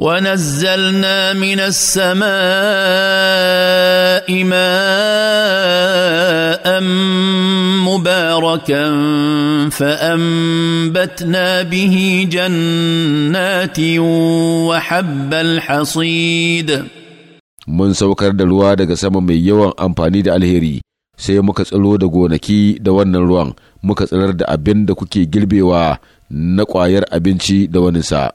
ونزلنا من السماء ماء مباركا فانبتنا به جنات وحب الحصيد mun saukar da ruwa daga sama mai yawan amfani da alheri sai muka tsiro da gonaki da wannan ruwan muka tsirar da abin da kuke girbewa na ƙwayar abinci da waninsa